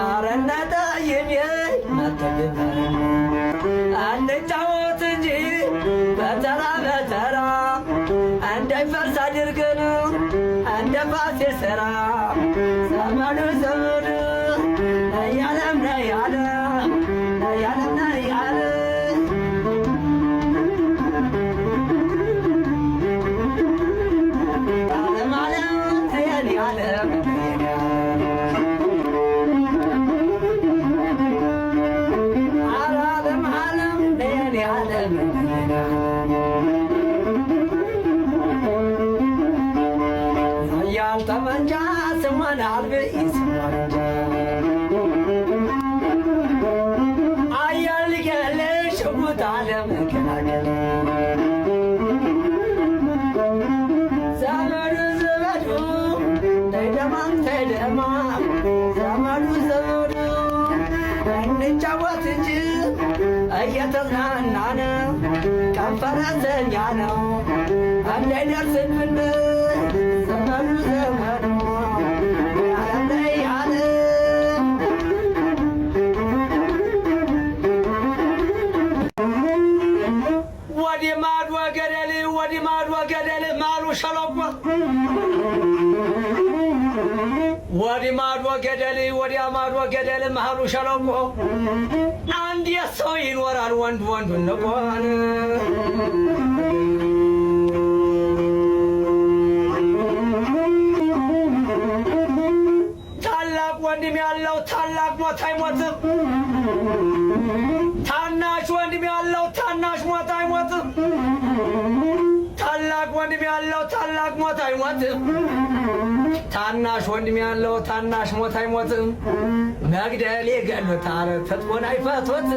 አረ እናታ የኔ አንጫወት እንጂ በተራ በተራ እንዳይፈርስ አድርገን እንደ ፋሴ ስራ ዘመኑ ዘመኑ ነያለም ነያለ ነያለም ነያለ ዓለም ዓለም ያለም ያለም ኃያል ጠመንጃ ስሟን አልብስ አያል ያለሽ ሽጉጥ ለመገናገል ዘመዱ ዘመዱ ተይደማ ተይደማ ዘመዱ ዘመዱ እንጫወት እንጂ እየተዝናናን ከንፈረዘኛ ነው እንዳይደርስብን ዘመኑ ዘመኑ ወዲ ማዶ ገደል ወዲ ማዶ ገደል ማሉ ሸለቆ ወዲ ማዶ ገደል ወዲያ ማዶ ገደል ማሉ ሸለቆ ሰው ይኖራል ወንድ ወንድ ንቋል። ታላቅ ወንድም ያለው ታላቅ ሞት አይሞትም። ታናሽ ወንድም ያለው ያለው ታላቅ ሞት አይሞትም። ታናሽ ወንድም ያለው ታናሽ ሞት አይሞትም። መግደል ይገሉታል፣ ፍትወን አይፈቶት